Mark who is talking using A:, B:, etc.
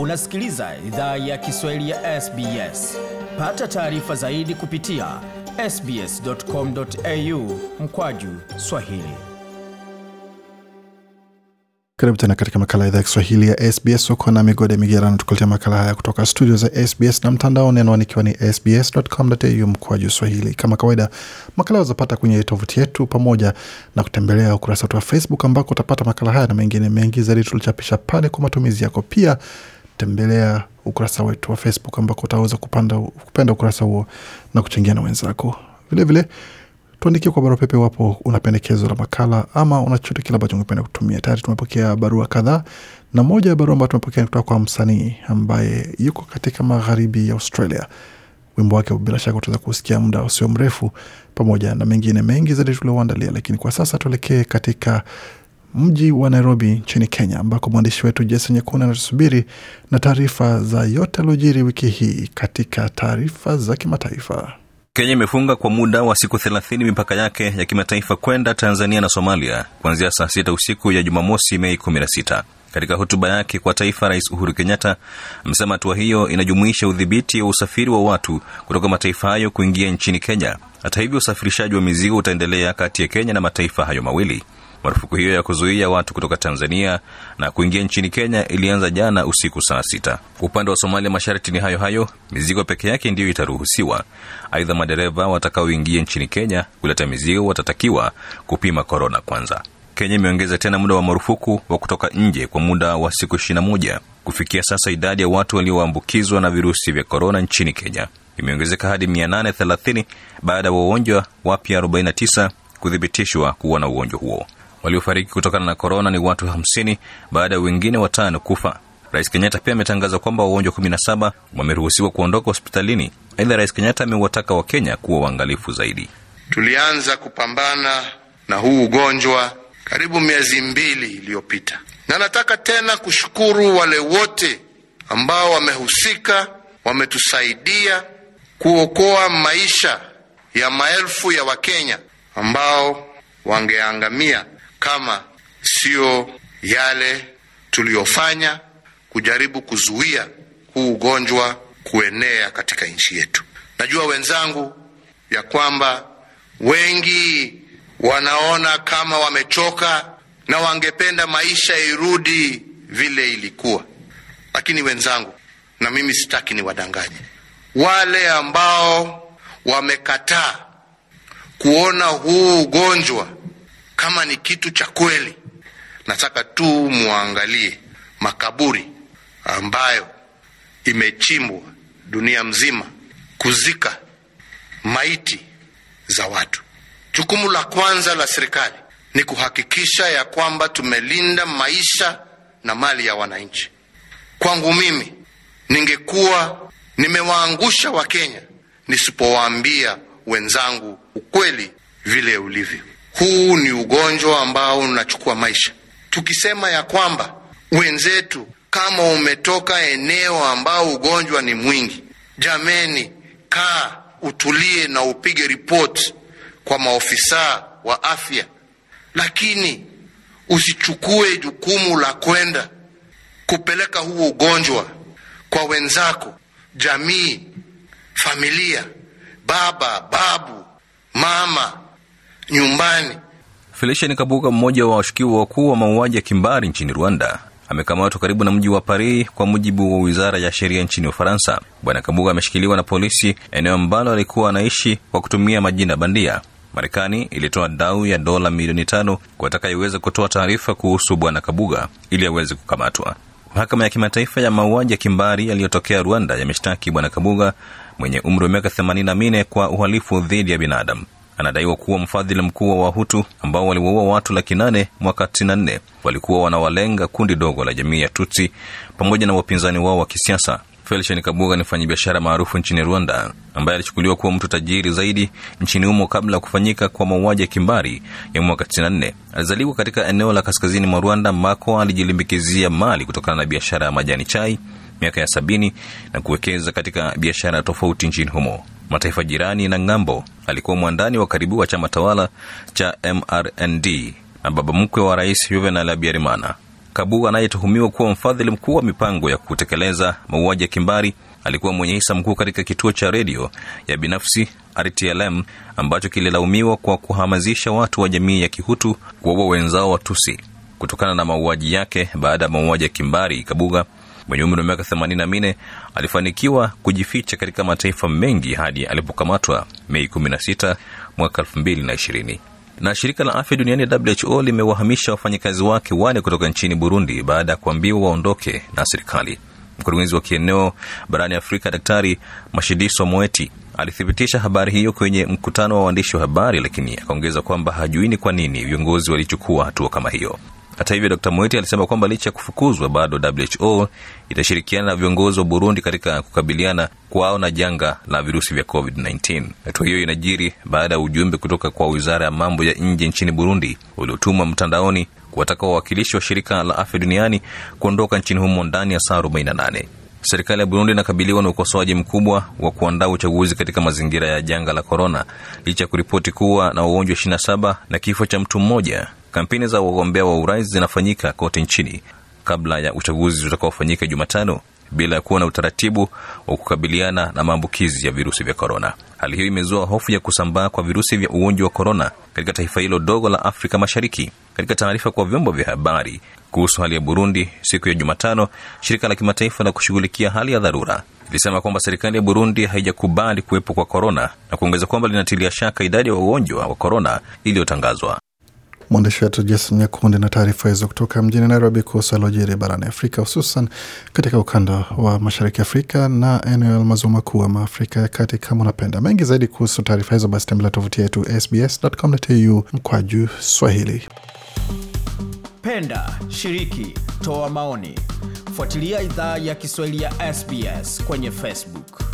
A: Unasikiliza idhaa ya Kiswahili ya SBS. Pata taarifa zaidi kupitia sbs.com.au
B: mkwaju swahili.
C: Karibu tena katika makala ya idhaa ya Kiswahili ya SBS. huko na migode migerano, tukuletea makala haya kutoka studio za SBS na mtandaoni, anwani ikiwa ni sbs.com.au mkwaju swahili. Kama kawaida, makala wazapata kwenye tovuti yetu pamoja na kutembelea ukurasa wetu wa Facebook ambako utapata makala haya na mengine mengi zaidi tulichapisha pale kwa matumizi yako pia tembelea ukurasa wetu wa Facebook ambako utaweza kupanda, kupenda ukurasa huo na kuchangia na wenzako. Vilevile tuandikie kwa barua pepe iwapo una pendekezo la makala ama una chochote kile ambacho ungependa kutumia. Tayari tumepokea barua kadhaa, na moja ya barua ambayo tumepokea kutoka kwa msanii ambaye yuko katika magharibi ya Australia. Wimbo wake bila shaka utaweza kusikia muda usio mrefu, pamoja na mengine mengi zaidi tulioandalia, lakini kwa sasa tuelekee katika mji wa Nairobi nchini Kenya, ambako mwandishi wetu Jason Nyakuna anatusubiri na taarifa za yote aliojiri wiki hii katika taarifa za kimataifa.
A: Kenya imefunga kwa muda wa siku thelathini mipaka yake ya kimataifa kwenda Tanzania na Somalia kuanzia saa sita usiku ya Jumamosi, Mei kumi na sita. Katika hotuba yake kwa taifa, Rais Uhuru Kenyatta amesema hatua hiyo inajumuisha udhibiti wa usafiri wa watu kutoka mataifa hayo kuingia nchini Kenya. Hata hivyo, usafirishaji wa mizigo utaendelea kati ya Kenya na mataifa hayo mawili. Marufuku hiyo ya kuzuia watu kutoka Tanzania na kuingia nchini Kenya ilianza jana usiku saa sita. Kwa upande wa Somalia, masharti ni hayo hayo, mizigo peke yake ndiyo itaruhusiwa. Aidha, madereva watakaoingia nchini Kenya kuleta mizigo watatakiwa kupima korona kwanza. Kenya imeongeza tena muda wa marufuku wa kutoka nje kwa muda wa siku 21. Kufikia sasa idadi ya watu walioambukizwa na virusi vya korona nchini Kenya imeongezeka hadi 830 baada ya wagonjwa wapya 49 kuthibitishwa kuwa na ugonjwa huo. Waliofariki kutokana na korona ni watu 50 baada ya wengine watano kufa. Rais Kenyatta pia ametangaza kwamba wagonjwa 17 wameruhusiwa kuondoka hospitalini. Aidha, Rais Kenyatta amewataka Wakenya kuwa waangalifu zaidi.
B: Tulianza kupambana na huu ugonjwa karibu miezi mbili iliyopita, na nataka tena kushukuru wale wote ambao wamehusika, wametusaidia kuokoa maisha ya maelfu ya Wakenya ambao wangeangamia kama siyo yale tuliyofanya kujaribu kuzuia huu ugonjwa kuenea katika nchi yetu. Najua wenzangu ya kwamba wengi wanaona kama wamechoka na wangependa maisha irudi vile ilikuwa, lakini wenzangu, na mimi sitaki niwadanganye wale ambao wamekataa kuona huu ugonjwa kama ni kitu cha kweli, nataka tu mwangalie makaburi ambayo imechimbwa dunia mzima kuzika maiti za watu. Jukumu la kwanza la serikali ni kuhakikisha ya kwamba tumelinda maisha na mali ya wananchi. Kwangu mimi, ningekuwa nimewaangusha Wakenya nisipowaambia wenzangu ukweli vile ulivyo huu ni ugonjwa ambao unachukua maisha. Tukisema ya kwamba wenzetu, kama umetoka eneo ambao ugonjwa ni mwingi, jameni, kaa utulie na upige ripoti kwa maofisa wa afya, lakini usichukue jukumu la kwenda kupeleka huu ugonjwa kwa wenzako, jamii, familia, baba, babu, mama nyumbani.
A: Felician Kabuga, mmoja wa washukiwa wakuu wa mauaji ya kimbari nchini Rwanda, amekamatwa karibu na mji wa Paris kwa mujibu wa wizara ya sheria nchini Ufaransa. Bwana Kabuga ameshikiliwa na polisi eneo ambalo alikuwa anaishi kwa kutumia majina bandia. Marekani ilitoa dau ya dola milioni tano kwa iweze kutoa taarifa kuhusu bwana Kabuga ili aweze kukamatwa. Mahakama ya Kimataifa ya Mauaji ya Kimbari yaliyotokea Rwanda yameshtaki bwana Kabuga mwenye umri wa miaka themanini na nne kwa uhalifu dhidi ya binadamu anadaiwa kuwa mfadhili mkuu wa Wahutu ambao waliwaua watu laki nane mwaka 94 walikuwa wanawalenga kundi dogo la jamii ya Tutsi pamoja na wapinzani wao wa kisiasa. Felician Kabuga ni mfanyabiashara maarufu nchini Rwanda ambaye alichukuliwa kuwa mtu tajiri zaidi nchini humo kabla ya kufanyika kwa mauaji ya kimbari ya mwaka 94. Alizaliwa katika eneo la kaskazini mwa Rwanda ambako alijilimbikizia mali kutokana na biashara ya majani chai miaka ya sabini na kuwekeza katika biashara tofauti nchini humo, mataifa jirani na ng'ambo. Alikuwa mwandani wa karibu wa chama tawala cha MRND na baba mkwe wa rais Juvenal abiarimana Kabu anayetuhumiwa kuwa mfadhili mkuu wa mipango ya kutekeleza mauaji ya kimbari alikuwa mwenye hisa mkuu katika kituo cha redio ya binafsi RTLM ambacho kililaumiwa kwa kuhamazisha watu wa jamii ya Kihutu kuwaua wenzao Watusi. Kutokana na mauaji yake baada ya mauaji ya kimbari, Kabuga mwenye umri wa miaka 84 alifanikiwa kujificha katika mataifa mengi hadi alipokamatwa Mei 16 mwaka 2020 na shirika la afya duniani WHO limewahamisha wafanyakazi wake wane kutoka nchini Burundi baada ya kuambiwa waondoke na serikali. Mkurugenzi wa kieneo barani Afrika Daktari Mashidiso Moeti alithibitisha habari hiyo kwenye mkutano wa waandishi wa habari, lakini akaongeza kwamba hajuini kwa nini viongozi walichukua hatua kama hiyo. Hata hivyo, Dr Moeti alisema kwamba licha ya kufukuzwa bado WHO itashirikiana na viongozi wa Burundi katika kukabiliana kwao na janga la virusi vya COVID-19. Hatua hiyo inajiri baada ya ujumbe kutoka kwa wizara ya mambo ya nje nchini Burundi uliotumwa mtandaoni kuwataka wawakilishi wa shirika la afya duniani kuondoka nchini humo ndani ya saa 48. Serikali ya Burundi inakabiliwa na ukosoaji mkubwa wa kuandaa uchaguzi katika mazingira ya janga la korona, licha ya kuripoti kuwa na wagonjwa 27 na kifo cha mtu mmoja. Kampeni za wagombea wa urais zinafanyika kote nchini kabla ya uchaguzi utakaofanyika Jumatano bila ya kuwa na utaratibu wa kukabiliana na maambukizi ya virusi vya korona. Hali hiyo imezua hofu ya kusambaa kwa virusi vya ugonjwa wa korona katika taifa hilo dogo la Afrika Mashariki. Katika taarifa kwa vyombo vya habari kuhusu hali ya Burundi siku ya Jumatano, shirika la kimataifa la kushughulikia hali ya dharura ilisema kwamba serikali ya Burundi haijakubali kuwepo kwa korona na kuongeza kwamba linatilia shaka idadi ya wagonjwa wa korona iliyotangazwa.
C: Mwandishi wetu Jason Nyakundi na taarifa hizo kutoka mjini Nairobi kuhusu alojiri barani Afrika, hususan katika ukanda wa mashariki Afrika na eneo la maziwa makuu ama Afrika ya kati, kama unapenda. Mengi zaidi kuhusu taarifa hizo, basi tembelea tovuti yetu sbs.com.au mkwaju Swahili.
A: Penda, shiriki, toa maoni, fuatilia idhaa ya Kiswahili ya SBS kwenye Facebook.